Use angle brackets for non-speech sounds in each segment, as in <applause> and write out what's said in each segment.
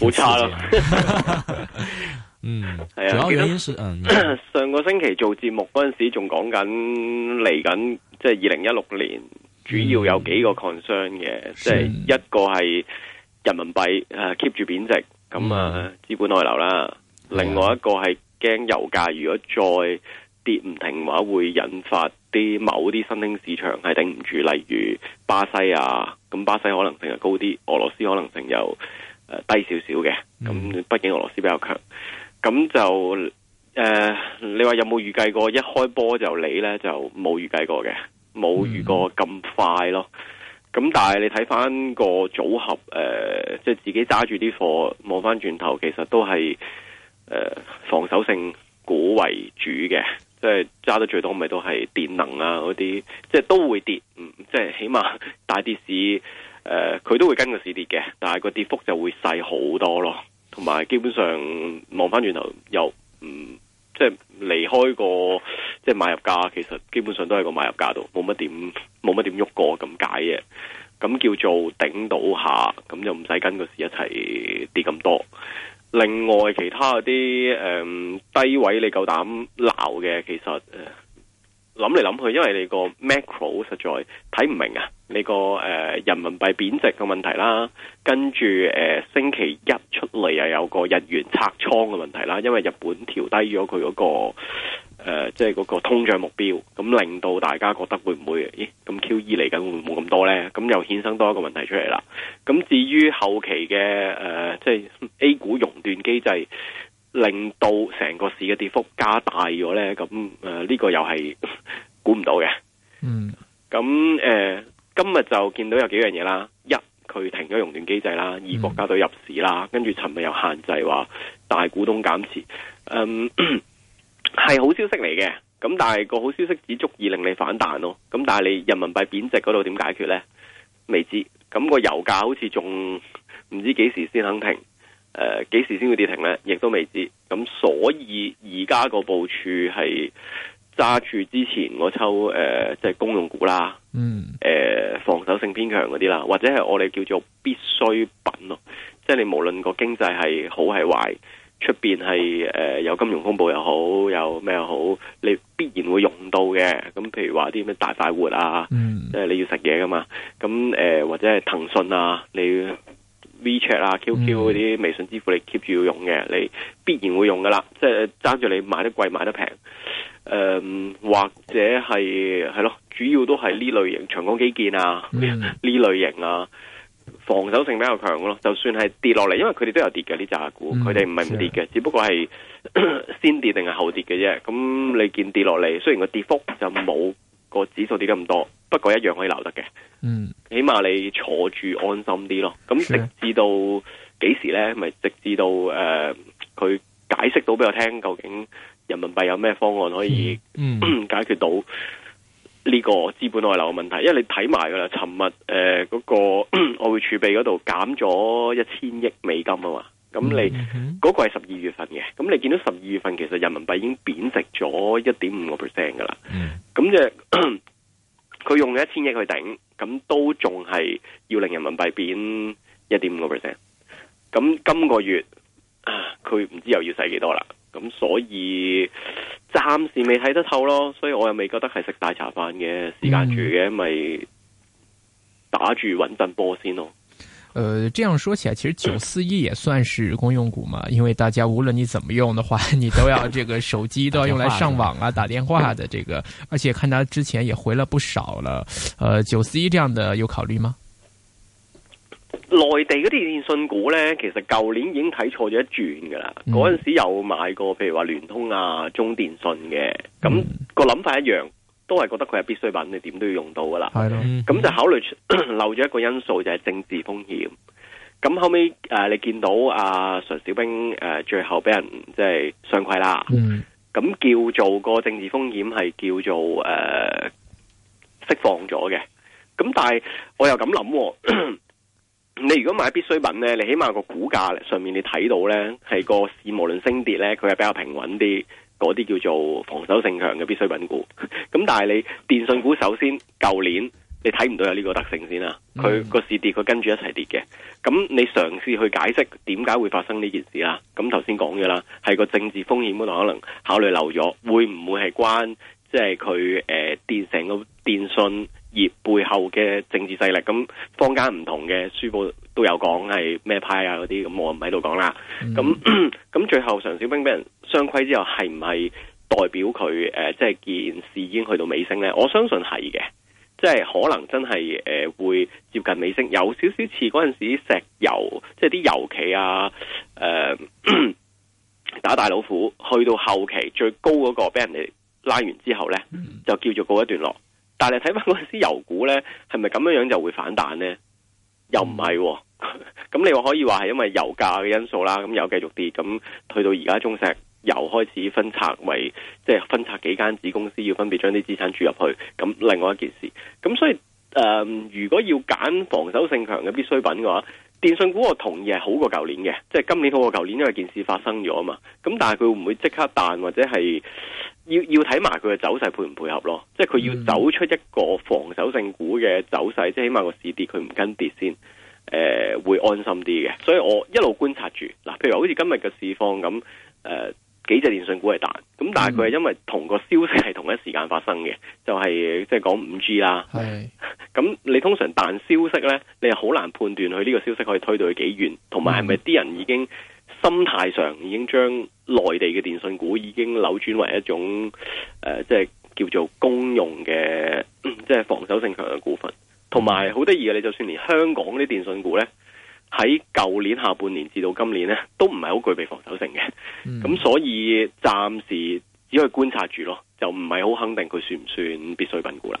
好差咯， <laughs> 嗯，係啊的， <coughs> 上個星期做節目嗰陣時仲講緊嚟緊，即係二零一六年主要有幾個 concern 嘅，嗯、即係一個係人民幣誒 keep 住貶值，咁、嗯、啊資本外流啦，是的 另外一個係驚油價如果再跌唔停話，會引發啲某啲新興市場係頂唔住，例如巴西啊，咁巴西可能性係高啲，俄羅斯可能性又。低少少嘅，咁畢竟俄羅斯比較強，咁就誒、呃，你話有冇預計過一開波就你呢？就冇預計過嘅，冇遇過咁快咯。咁、嗯、但係你睇翻個組合，誒、呃，即、就、係、是、自己揸住啲貨望翻轉頭，其實都係、呃、防守性股為主嘅，即係揸得最多咪都係電能啊嗰啲，即、就、係、是、都會跌，即、嗯、係、就是、起碼大跌市。誒，佢、呃、都會跟個市跌嘅，但係個跌幅就會細好多咯，同埋基本上望翻轉頭又唔即係離開個即係、就是、買入價，其實基本上都係個買入價度，冇乜點冇乜點喐過咁解嘅，咁叫做頂到下，咁就唔使跟個市一齊跌咁多。另外其他嗰啲誒低位你夠膽鬧嘅，其實。諗嚟諗去，因為你個 macro 實在睇唔明啊！你個誒人民幣貶值嘅問題啦，跟住誒星期一出嚟啊，有個日元拆倉嘅問題啦，因為日本調低咗佢嗰個誒，即係嗰個通脹目標，咁令到大家覺得會唔會？咦，咁 QE 嚟緊會唔會冇咁多呢？咁又衍生多一個問題出嚟啦。咁至於後期嘅誒，即係 A 股熔斷機制。令到成個市嘅跌幅加大咗呢。咁誒呢個又係估唔到嘅。嗯，咁誒、呃、今日就見到有幾樣嘢啦，一佢停咗熔斷機制啦，二國家隊入市啦，跟住尋日又限制話大股東減持，嗯，係好消息嚟嘅。咁但係個好消息只足以令你反彈咯。咁但係你人民幣貶值嗰度點解決呢？未知。咁個油價好似仲唔知幾時先肯停。誒，幾、呃、時先會跌停咧？亦都未知。咁所以而家個部署係揸住之前嗰抽誒，即、呃、係、就是、公用股啦，嗯，誒，防守性偏強嗰啲啦，或者係我哋叫做必需品咯，即係你無論個經濟係好係壞，出邊係誒有金融風暴又好，有咩又好，你必然會用到嘅。咁譬如話啲咩大快活啊，mm. 即係你要食嘢噶嘛。咁誒、呃，或者係騰訊啊，你。WeChat 啊、QQ 啲微信支付，你 keep 住要用嘅，嗯、你必然會用噶啦，即係爭住你買得貴買得平。誒、呃，或者係係咯，主要都係呢類型長江基建啊呢、嗯、 <laughs> 類型啊，防守性比較強咯。就算係跌落嚟，因為佢哋都有跌嘅啲炸股，佢哋唔係唔跌嘅，是的只不過係 <coughs> 先跌定係後跌嘅啫。咁你見跌落嚟，雖然個跌幅就冇個指數跌得咁多。不過一樣可以留得嘅，嗯，起碼你坐住安心啲咯。咁直至到幾時呢？咪直至到誒，佢、呃、解釋到俾我聽，究竟人民幣有咩方案可以、嗯嗯、解決到呢個資本外流嘅問題？因為你睇埋噶啦，尋日誒嗰個外匯儲備嗰度減咗一千億美金啊嘛。咁你嗰、嗯、個係十二月份嘅，咁你見到十二月份其實人民幣已經貶值咗一點五個 percent 噶啦。咁即係。佢用一千億去頂，咁都仲係要令人民幣貶一點五個 percent。咁今個月啊，佢唔知又要使幾多啦。咁所以暫時未睇得透咯，所以我又未覺得係食大茶飯嘅時間住嘅，咪、嗯、打住穩陣波先咯。呃，這樣說起來，其實九四一也算是公用股嘛，因為大家無論你怎麼用的話，你都要這個手機都要用來上網啊、打電話的這個，而且看他之前也回了不少了，呃，九四一這樣的有考慮嗎？內地嗰啲電信股呢，其實舊年已經睇錯咗一轉噶啦，嗰陣、嗯、時有買過，譬如話聯通啊、中電信嘅，咁、那個諗法一樣。都係覺得佢係必需品，你點都要用到噶啦。係咯，咁、嗯、就考慮漏咗一個因素就係、是、政治風險。咁後尾誒、呃，你見到阿常、啊、小兵誒、呃，最後俾人即係、就是、雙規啦。咁、嗯、叫做個政治風險係叫做誒釋、呃、放咗嘅。咁但係我又咁諗、啊，你如果買必需品咧，你起碼個股價上面你睇到咧係個市無論升跌咧，佢係比較平穩啲。嗰啲叫做防守性強嘅必需品股，咁但係你電信股首先舊年你睇唔到有呢個特性先啦，佢個市跌佢跟住一齊跌嘅，咁你嘗試去解釋點解會發生呢件事啦？咁頭先講嘅啦，係個政治風險度可能考慮漏咗，會唔會係關即係佢誒電成個電信？業背後嘅政治勢力，咁坊間唔同嘅書報都有講係咩派啊嗰啲，咁我唔喺度講啦。咁咁、mm hmm. <coughs> 最後常小兵俾人雙規之後，係唔係代表佢誒、呃，即係件事已經去到尾聲咧？我相信係嘅，即係可能真係誒、呃、會接近尾聲，有少少似嗰陣時石油，即係啲油企啊，誒、呃、 <coughs> 打大老虎，去到後期最高嗰個俾人哋拉完之後咧，mm hmm. 就叫做告一段落。但係睇翻嗰啲油股咧，係咪咁樣樣就會反彈呢？又唔係，哦，咁 <laughs> 你話可以話係因為油價嘅因素啦，咁又繼續跌。咁去到而家中石油開始分拆為，即，就，係，是，分拆幾間子公司，要分別將啲資產注入去。咁另外一件事，咁所以誒、呃，如果要揀防守性強嘅必需品嘅話，電信股我同意係好過舊年嘅，即，就，係，是，今年好過舊年，因為件事發生咗啊嘛。咁但係佢會唔會即刻彈或者係？要要睇埋佢嘅走勢配唔配合咯，即係佢要走出一個防守性股嘅走勢，嗯、即係起碼個市跌佢唔跟跌先，誒、呃、會安心啲嘅。所以我一路觀察住嗱，譬如好似今日嘅市況咁，誒、呃、幾隻電訊股係彈，咁但係佢係因為同個消息係同一時間發生嘅，就係、是、即係講五 G 啦。係咁是， <laughs> 你通常彈消息咧，你係好難判斷佢呢個消息可以推到去幾遠，同埋係咪啲人已經。嗯心態上已經將內地嘅電訊股已經扭轉為一種、呃、即係叫做公用嘅，即係防守性強嘅股份。同埋好得意嘅，你就算連香港啲電訊股呢，喺舊年下半年至到今年呢，都唔係好具備防守性嘅。咁、嗯、所以暫時只可以觀察住咯，就唔係好肯定佢算唔算必需品股啦。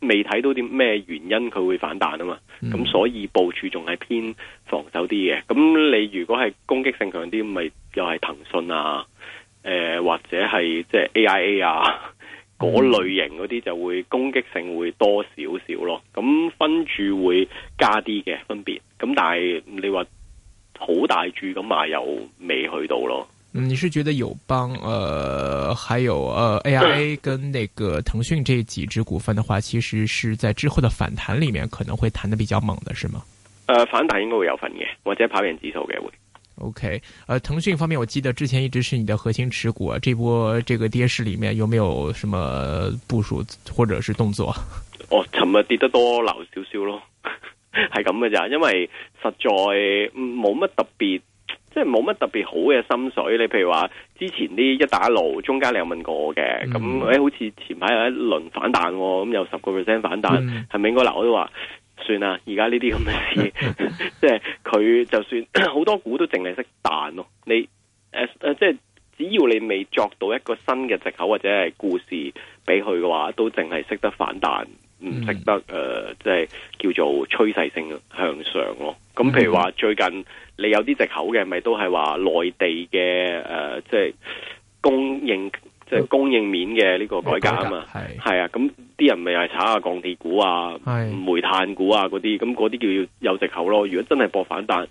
未睇到啲咩原因佢會反彈啊嘛，咁所以部署仲係偏防守啲嘅。咁你如果係攻擊性強啲，咪又係騰訊啊，誒、呃、或者係即係 AIA 啊、嗰、嗯、類型嗰啲就會攻擊性會多少少咯。咁分處會加啲嘅分別，咁但係你話好大注咁買又未去到咯。嗯，你是覺得友邦、呃，還有呃，AIA 跟那個騰訊這幾支股份的話，其實是在之後的反彈裏面可能會彈的比較猛的，是嗎？呃反彈應該會有份嘅，或者跑贏指數的會。OK，呃騰訊方面，我記得之前一直是你的核心持股啊，這波這個跌市裏面有沒有什麼部署或者是動作？哦，尋日跌得多，留少少咯，係咁嘅咋，因為實在冇乜特別。即係冇乜特別好嘅心水，你譬如話之前啲一帶一路，中間你有問過我嘅，咁誒、嗯哎、好似前排有一輪反彈、哦，咁有十個 percent 反彈，係咪、嗯、應該？嗱，我都話算啦，而家呢啲咁嘅事， <laughs> 即係佢就算好多股都淨係識彈咯、哦，你誒、呃，即係只要你未作到一個新嘅借口或者係故事俾佢嘅話，都淨係識得反彈，唔識、嗯、得誒、呃、即係叫做趨勢性向上咯、哦。咁譬如話、嗯、最近。你有啲藉口嘅，咪都係話內地嘅、呃、即係供應，即係供應面嘅呢個改革啊嘛，係啊，咁啲人咪係炒下鋼鐵股啊、是煤炭股啊嗰啲，咁嗰啲叫有藉口咯。如果真係搏反彈，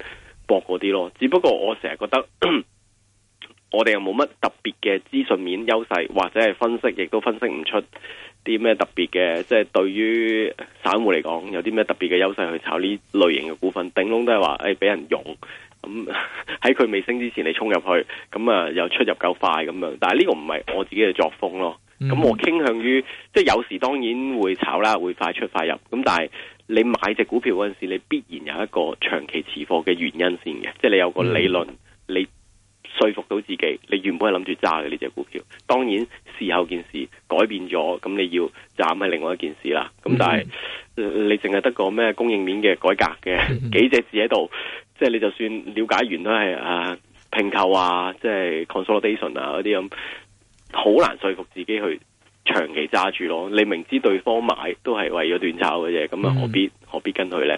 搏嗰啲咯。只不過我成日覺得，我哋又冇乜特別嘅資訊面優勢，或者係分析，亦都分析唔出。啲咩特別嘅，即係對於散戶嚟講，有啲咩特別嘅優勢去炒呢類型嘅股份？頂籠都係話，誒、欸、俾人用。咁喺佢未升之前你衝入去，咁啊又出入夠快咁樣。但係呢個唔係我自己嘅作風咯。咁我傾向於，即係有時當然會炒啦，會快出快入。咁但係你買隻股票嗰陣時，你必然有一個長期持貨嘅原因先嘅，即係你有個理論。說服到自己，你原本係諗住揸嘅呢隻股票，當然事後件事改變咗，咁你要斬係另外一件事啦。咁但係、嗯呃、你淨係得個咩供應鏈嘅改革嘅幾隻字喺度，即、就、係、是、你就算了解完都係啊拼購、啊，即係 consolidation 啊嗰啲咁，好、就是啊、難說服自己去長期揸住咯。你明知對方買都係為咗短炒嘅啫，咁啊何必何必跟佢呢？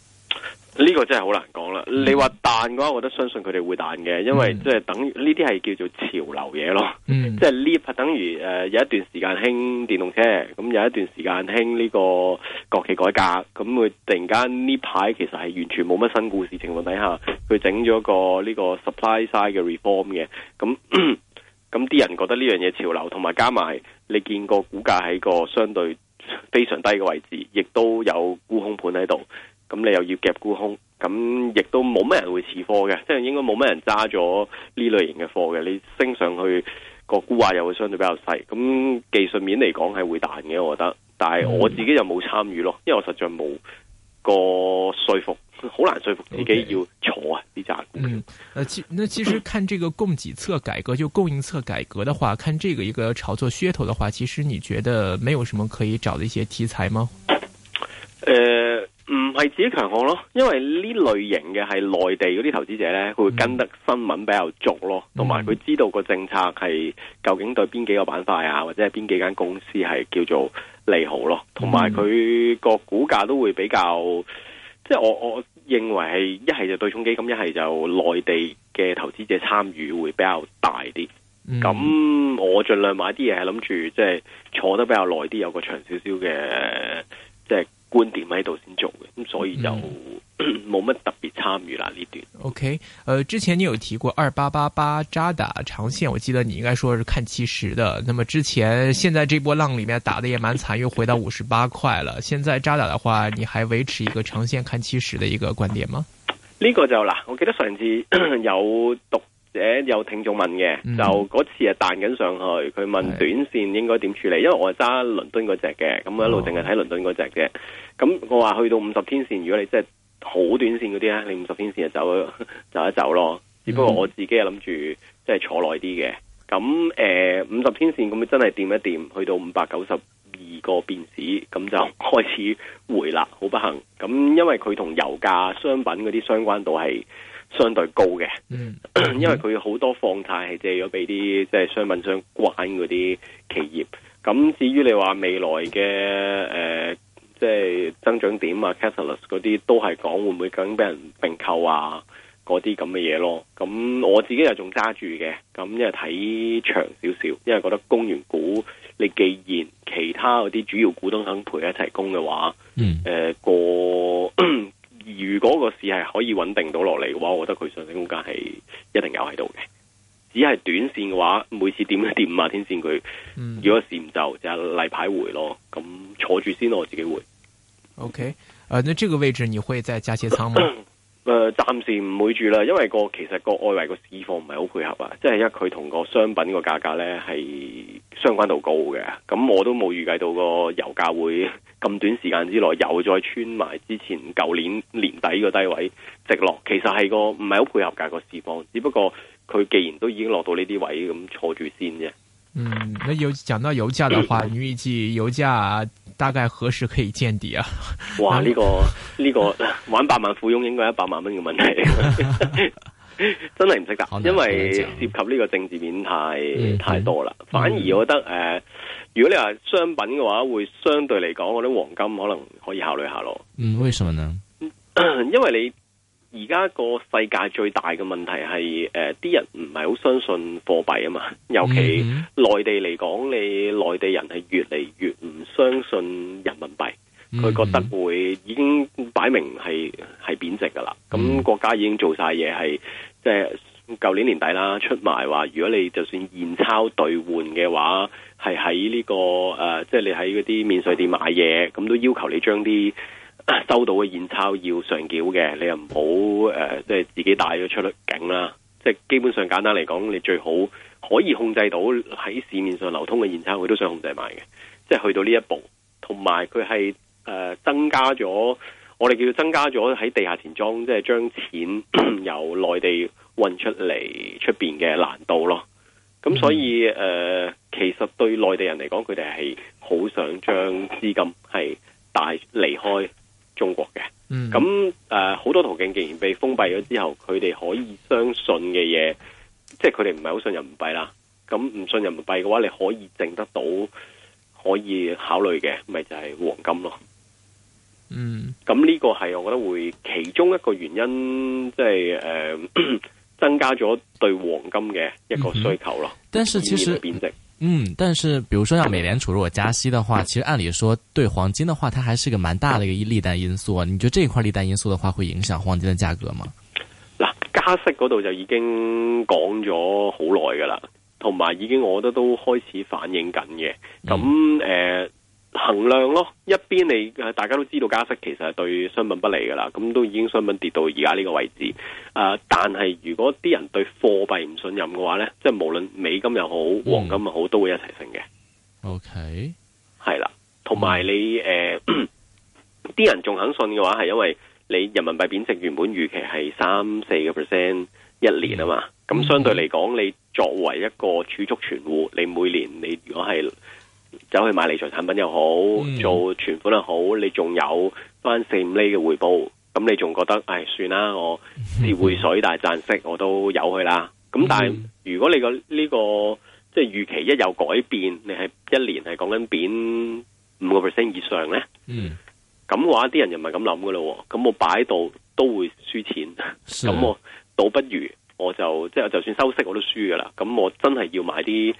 呢個真係好難講啦！你話彈嘅話，我都相信佢哋會彈嘅，因為即係等呢啲係叫做潮流嘢咯。嗯、即係呢排等於誒有一段時間興電動車，咁有一段時間興呢個國企改革，咁會突然間呢排其實係完全冇乜新故事情況底下，佢整咗個呢個 supply side 嘅 reform 嘅，咁咁啲人覺得呢樣嘢潮流，同埋加埋你見過股價喺個相對非常低嘅位置，亦都有沽空盤喺度。咁你又要夾沽空，咁亦都冇咩人會持貨嘅，即係應該冇咩人揸咗呢類型嘅貨嘅。你升上去個沽壓又會相對比較細，咁技術面嚟講係會彈嘅，我覺得。但係我自己就冇參與咯，因為我實在冇個說服，好難說服自己要坐啊呢扎股。Okay. 嗯，誒、呃，其那其實看這個供給側改革， <coughs> 就供應側改革的話，看這個一個炒作噱頭的話，其實你覺得沒有什麼可以找的一些題材嗎？誒、呃。唔係自己強項咯，因為呢類型嘅係內地嗰啲投資者呢，佢會跟得新聞比較足咯，同埋佢知道個政策係究竟對邊幾個板塊啊，或者係邊幾間公司係叫做利好咯，同埋佢個股價都會比較，嗯、即係我我認為係一係就對沖基金，一係就內地嘅投資者參與會比較大啲。咁、嗯、我盡量買啲嘢係諗住，即係坐得比較耐啲，有個長少少嘅即係。觀點喺度先做嘅，咁所以就冇乜特別參與啦呢段。OK，呃，之前你有提過二八八八渣打長線，我記得你應該說是看七十的。那麼之前，現在這波浪裏面打得也蠻慘，又回到五十八塊了。現在渣打的話，你還維持一個長線看七十的一個觀點嗎？呢個就嗱，我記得上次 <coughs> 有讀。有聽眾問嘅，嗯、就嗰次啊彈緊上去，佢問短線應該點處理？的因為我係揸倫敦嗰隻嘅，咁我一路淨係睇倫敦嗰隻嘅。咁、哦、我話去到五十天線，如果你真係好短線嗰啲咧，你五十天線就走，走一走咯。只不過我自己係諗住即係坐耐啲嘅。咁誒五十天線咁真係掂一掂，去到五百九十二個便士，咁就開始回啦，好不幸。咁因為佢同油價、商品嗰啲相關度係相對高嘅，因為佢好多放貸係借咗俾啲即係商品相關嗰啲企業。咁至於你話未來嘅誒、呃，即係增長點啊，Catalyst 嗰啲都係講會唔會咁俾人並購啊，嗰啲咁嘅嘢咯。咁我自己又仲揸住嘅，咁因為睇長少少，因為覺得供完股你既然其他嗰啲主要股東肯陪一齊供嘅話，誒個、嗯。呃嗰個市係可以穩定到落嚟嘅話，我覺得佢上升空間係一定有喺度嘅。只係短線嘅話，每次點一點五啊天線佢，嗯、如果市唔就就例牌回咯，咁坐住先咯，我自己回。O K，誒，那這個位置你會再加些倉嗎？誒，暫、 <coughs> 呃、時唔會住啦，因為個其實個外圍個市況唔係好配合啊，即係一佢同個商品個價格咧係，是相關度高嘅，咁我都冇預計到個油價會咁短時間之內又再穿埋之前舊年年底個低位直落，其實係個唔係好配合嘅個市況，只不過佢既然都已經落到呢啲位，咁坐住先啫。嗯，有講到油價嘅話，你 <coughs> 預計油價大概何時可以見底啊？ <laughs> 哇，呢、這個呢、這個玩百萬富翁應該一百萬蚊嘅問題。 <laughs> <laughs> 真係唔識答，因為涉及呢個政治面太、嗯、太多啦。嗯、反而我覺得，誒、嗯呃，如果你話商品嘅話，會相對嚟講，嗰啲黃金可能可以考慮下咯。嗯，為什麼呢？ <coughs> 因為你而家個世界最大嘅問題係，誒、呃，啲人唔係好相信貨幣啊嘛。尤其內、嗯、地嚟講，你內地人係越嚟越唔相信人民幣，佢、嗯、覺得會、嗯、已經擺明係係貶值噶啦。咁、嗯、國家已經做晒嘢係。即係舊年年底啦，出埋話，如果你就算現鈔兌換嘅話，係喺呢個誒，即係你喺嗰啲免稅店買嘢，咁都要求你將啲收到嘅現鈔要上繳嘅，你又唔好誒，即係自己帶咗出嚟境啦。即係基本上簡單嚟講，你最好可以控制到喺市面上流通嘅現鈔，佢都想控制埋嘅。即係去到呢一步，同埋佢係誒增加咗。我哋叫增加咗喺地下錢莊，即係將錢由內地運出嚟出邊嘅難度咯。咁所以誒、mm. 呃，其實對內地人嚟講，佢哋係好想將資金係帶離開中國嘅。咁誒、mm.，好、呃、多途徑既然被封閉咗之後，佢哋可以相信嘅嘢，即係佢哋唔係好信人民幣啦。咁唔信人民幣嘅話，你可以淨得到可以考慮嘅，咪就係、是、黃金咯。嗯，咁呢個係我覺得會其中一個原因，即係誒增加咗對黃金嘅一個需求咯。嗯、但是其實，貶值嗯，但是，比如說，像美聯儲如果加息嘅話，其實按理說對黃金嘅話，它還是一個蠻大嘅一個利淡因素啊。你覺得呢塊利淡因素的話，會影響黃金嘅價格嗎？嗱，加息嗰度就已經講咗好耐噶啦，同埋已經我覺得都開始反映緊嘅。咁誒、嗯。衡量咯，一邊你大家都知道加息其實係對商品不利噶啦，咁都已經商品跌到而家呢個位置。誒、呃，但係如果啲人對貨幣唔信任嘅話呢，即係無論美金又好，嗯、黃金又好，都會一齊升嘅。OK，係啦，同埋你誒，啲、嗯呃、人仲肯信嘅話，係因為你人民幣貶值原本預期係三四個 percent 一年啊、嗯、嘛，咁相對嚟講，okay. 你作為一個儲蓄存戶，你每年你如果係。走去買理財產品又好，做存款又好，你仲有翻四五厘嘅回報，咁你仲覺得，哎，算啦，我蝕匯水，但係賺息，我都有去啦。咁但係如果你個呢個即係預期一有改變，你係一年係講緊貶五個 percent 以上咧，咁話啲人就唔係咁諗噶咯？咁我擺喺度都會輸錢，咁的我倒不如我就即係就算收息我都輸噶啦。咁我真係要買啲。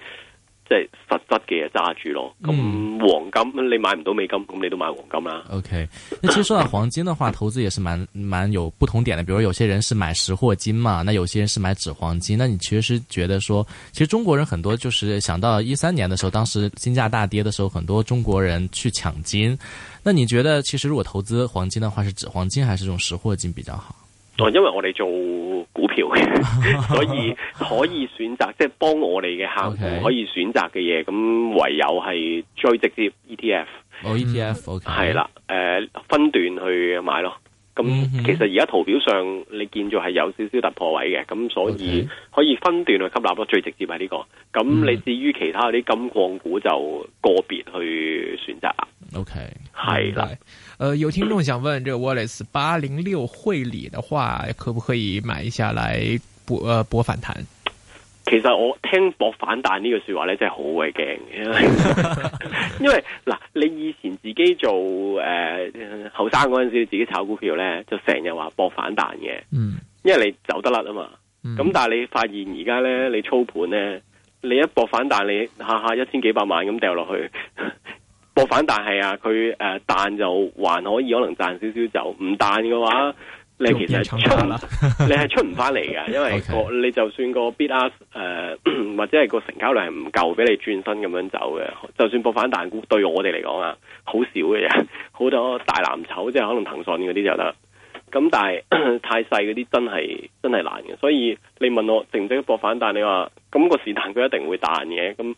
即係實質嘅嘢，揸住咯，咁黃金，嗯，你買唔到美金，咁你都買黃金啦。OK，那其實說到黃金的話，投資也是蠻蠻有不同點的，比如有些人是買實貨金嘛，那有些人是買紙黃金。那你其實是覺得說，其實中國人很多就是想到一三年的時候，當時金價大跌的時候，很多中國人去搶金。那你覺得其實如果投資黃金的話，是紙黃金還是這種實貨金比較好？哦，因為我哋做股票嘅， <laughs> 所以可以選擇即係幫我哋嘅客戶可以選擇嘅嘢，咁唯有係最直接 ETF，oh, ETF, okay. 哦，ETF，係啦，誒，分段去買咯。咁、嗯、其實而家圖表上你見到係有少少突破位嘅，咁所以可以分段去吸納咯，最直接係呢、這個。咁你至於其他啲金礦股就個別去選擇啊、嗯。OK，係啦，誒、嗯，有聽眾想問，這個 Wallace 八零六惠理的話，可不可以買一下來搏，誒、呃，搏反彈？其實我聽搏反彈呢句說話咧，真係好鬼驚，因為嗱，你以前自己做誒，後生嗰陣時，自己炒股票咧，就成日話搏反彈嘅，嗯，因為你走得甩啊嘛，咁、嗯、但係你發現而家咧，你操盤咧，你一搏反彈，你下下一千幾百萬咁掉落去，搏反彈係啊，佢誒，彈就還可以，可能賺少少走，唔彈嘅話。你其實係出，成 <laughs> 你係出唔翻嚟嘅，因為個你就算個 bid ask 誒或者係個成交量係唔夠俾你轉身咁樣走嘅。就算博反彈股，對我哋嚟講啊，好少嘅啫，好多大藍籌，即係可能騰訊嗰啲就得。咁但係太細嗰啲真係真係難嘅。所以你問我值唔值得博反彈？你話咁個時彈佢一定會彈嘅咁。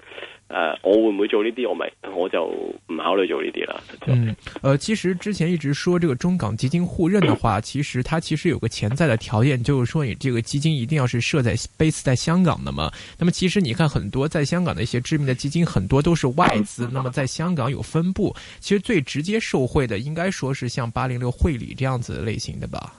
呃、我會唔會做呢啲？我咪我就唔考慮做呢啲啦。嗯，呃其實之前一直說這個中港基金互認的話，其實它其實有個潛在的條件，就是說你這個基金一定要是設在 base <laughs> 在香港的嘛。那麼其實你看很多在香港的一些知名的基金，很多都是外資，那麼在香港有分佈。其實最直接受惠的，應該說是像八零六惠理這樣子類型的吧。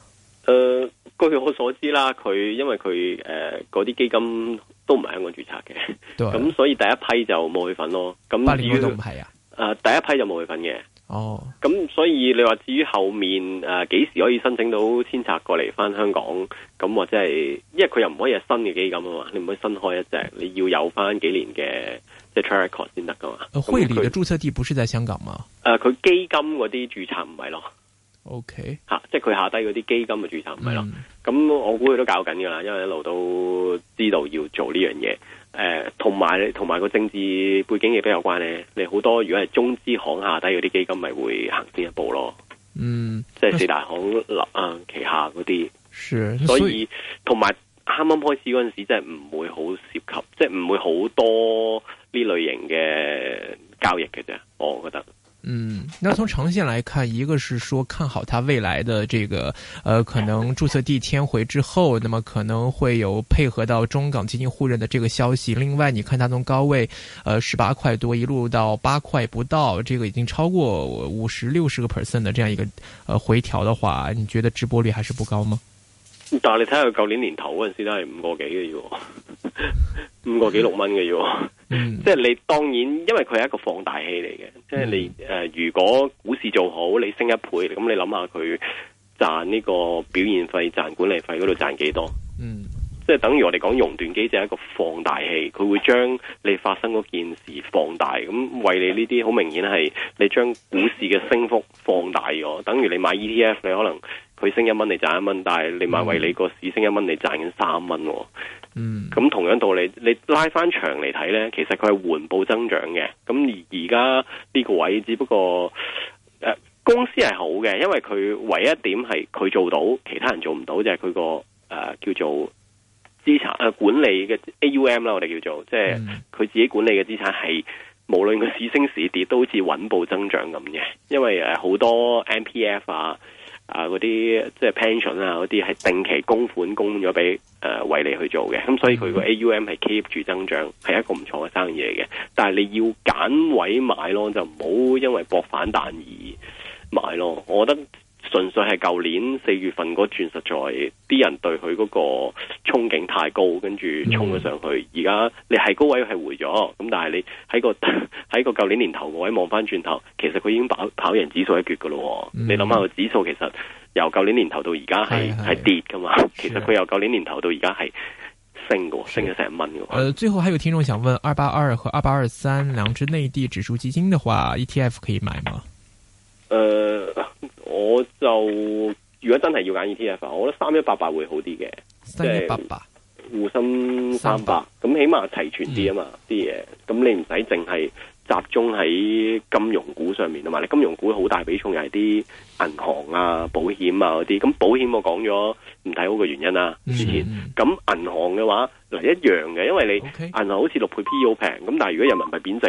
誒、呃，據我所知啦，佢因為佢誒嗰啲基金。都唔係香港註冊嘅，咁了、嗯、所以第一批就冇去份咯。八年都唔係啊，誒、呃，第一批就冇去份嘅。哦，咁、嗯、所以你話至於後面誒幾、呃、時可以申請到遷冊過嚟翻香港？咁、嗯、或者係，因為佢又唔可以係新嘅基金啊嘛，你唔可以新開一隻，嗯、你要有翻幾年嘅即係 track record 先得噶嘛。匯理嘅註冊地不是在香港嗎？誒、嗯，佢、呃、基金嗰啲註冊唔係咯。O K，吓，即係佢下低嗰啲基金嘅註冊，唔係咯、嗯。咁我估佢都搞緊噶啦，因為一路都知道要做呢樣嘢。誒、呃，同埋同埋個政治背景亦比較有關咧。你好多如果係中資行下低嗰啲基金，咪會行先一步咯。嗯，即係四大行立啊，啊旗下嗰啲。是所以同埋啱啱開始嗰陣時候，真係唔會好涉及，即係唔會好多呢類型嘅交易嘅啫。我覺得。嗯，那從長線來看，一個是說看好它未來的這個，呃，可能注冊地遷回之後，那麼可能會有配合到中港基金互認的這個消息。另外，你看它從高位，呃，十八塊多一路到八塊不到，這個已經超過五十、六十個 percent 的這樣一個呃回調的話，你覺得值博率還是不高嗎？但你睇下舊年年頭嗰陣時都係五個幾嘅嘢，五個幾六蚊嘅嘢。嗯、即係你當然，因為佢係一個放大器嚟嘅，嗯、即係你誒、呃，如果股市做好，你升一倍，咁你諗下佢賺呢個表現費、賺管理費嗰度賺幾多？嗯，即係等於我哋講熔斷機就係一個放大器，佢會將你發生嗰件事放大，咁為你呢啲好明顯係你將股市嘅升幅放大咗。等於你買 ETF，你可能佢升一蚊，你賺一蚊，但係你買為你個市升一蚊，你賺緊三蚊，哦。嗯，咁同樣道理，你拉翻長嚟睇咧，其實佢係緩步增長嘅。咁而而家呢個位置只不過，誒、呃、公司係好嘅，因為佢唯一、一點係佢做到，其他人做唔到就係佢個誒叫做資產、呃、管理嘅 AUM 啦，我哋叫做，即係佢自己管理嘅資產係，無論佢市升市跌，都好似穩步增長咁嘅。因為誒好、呃、多 MPF 啊。啊！嗰啲即係 pension 啊，嗰啲係定期供款供咗俾誒維利去做嘅。咁所以佢個 AUM 係 keep 住增長，係一個唔錯嘅生意嚟嘅。但係你要揀位買咯，就唔好因為搏反彈而買咯。我覺得。純粹係舊年四月份嗰轉，實在啲人對佢嗰個憧憬太高，跟住衝咗上去。而家、嗯、你係高位係回咗，咁但係你喺個喺個舊年年頭個位望翻轉頭，其實佢已經跑跑贏指數一橛噶咯。嗯、你諗下個指數，其實由舊年年頭到而家係係跌噶嘛？的其實佢由舊年年頭到而家係升嘅，的升咗成蚊嘅。誒、呃，最後還有聽眾想問：二八二和二八二三兩隻內地指數基金嘅話，ETF 可以買嗎？誒、呃。我就如果真係要揀 ETF，我覺得三一八八會好啲嘅，即係、呃、八八滬深三百，咁起碼齊全啲啊嘛啲嘢，咁、嗯、你唔使淨係集中喺金融股上面啊嘛，你金融股好大比重又係啲銀行啊、保險啊嗰啲，咁保險我講咗唔睇好嘅原因啦，之前、嗯，咁銀行嘅話嗱一樣嘅，因為你銀行好似六倍 P/E 好平，咁但係如果人民幣貶值。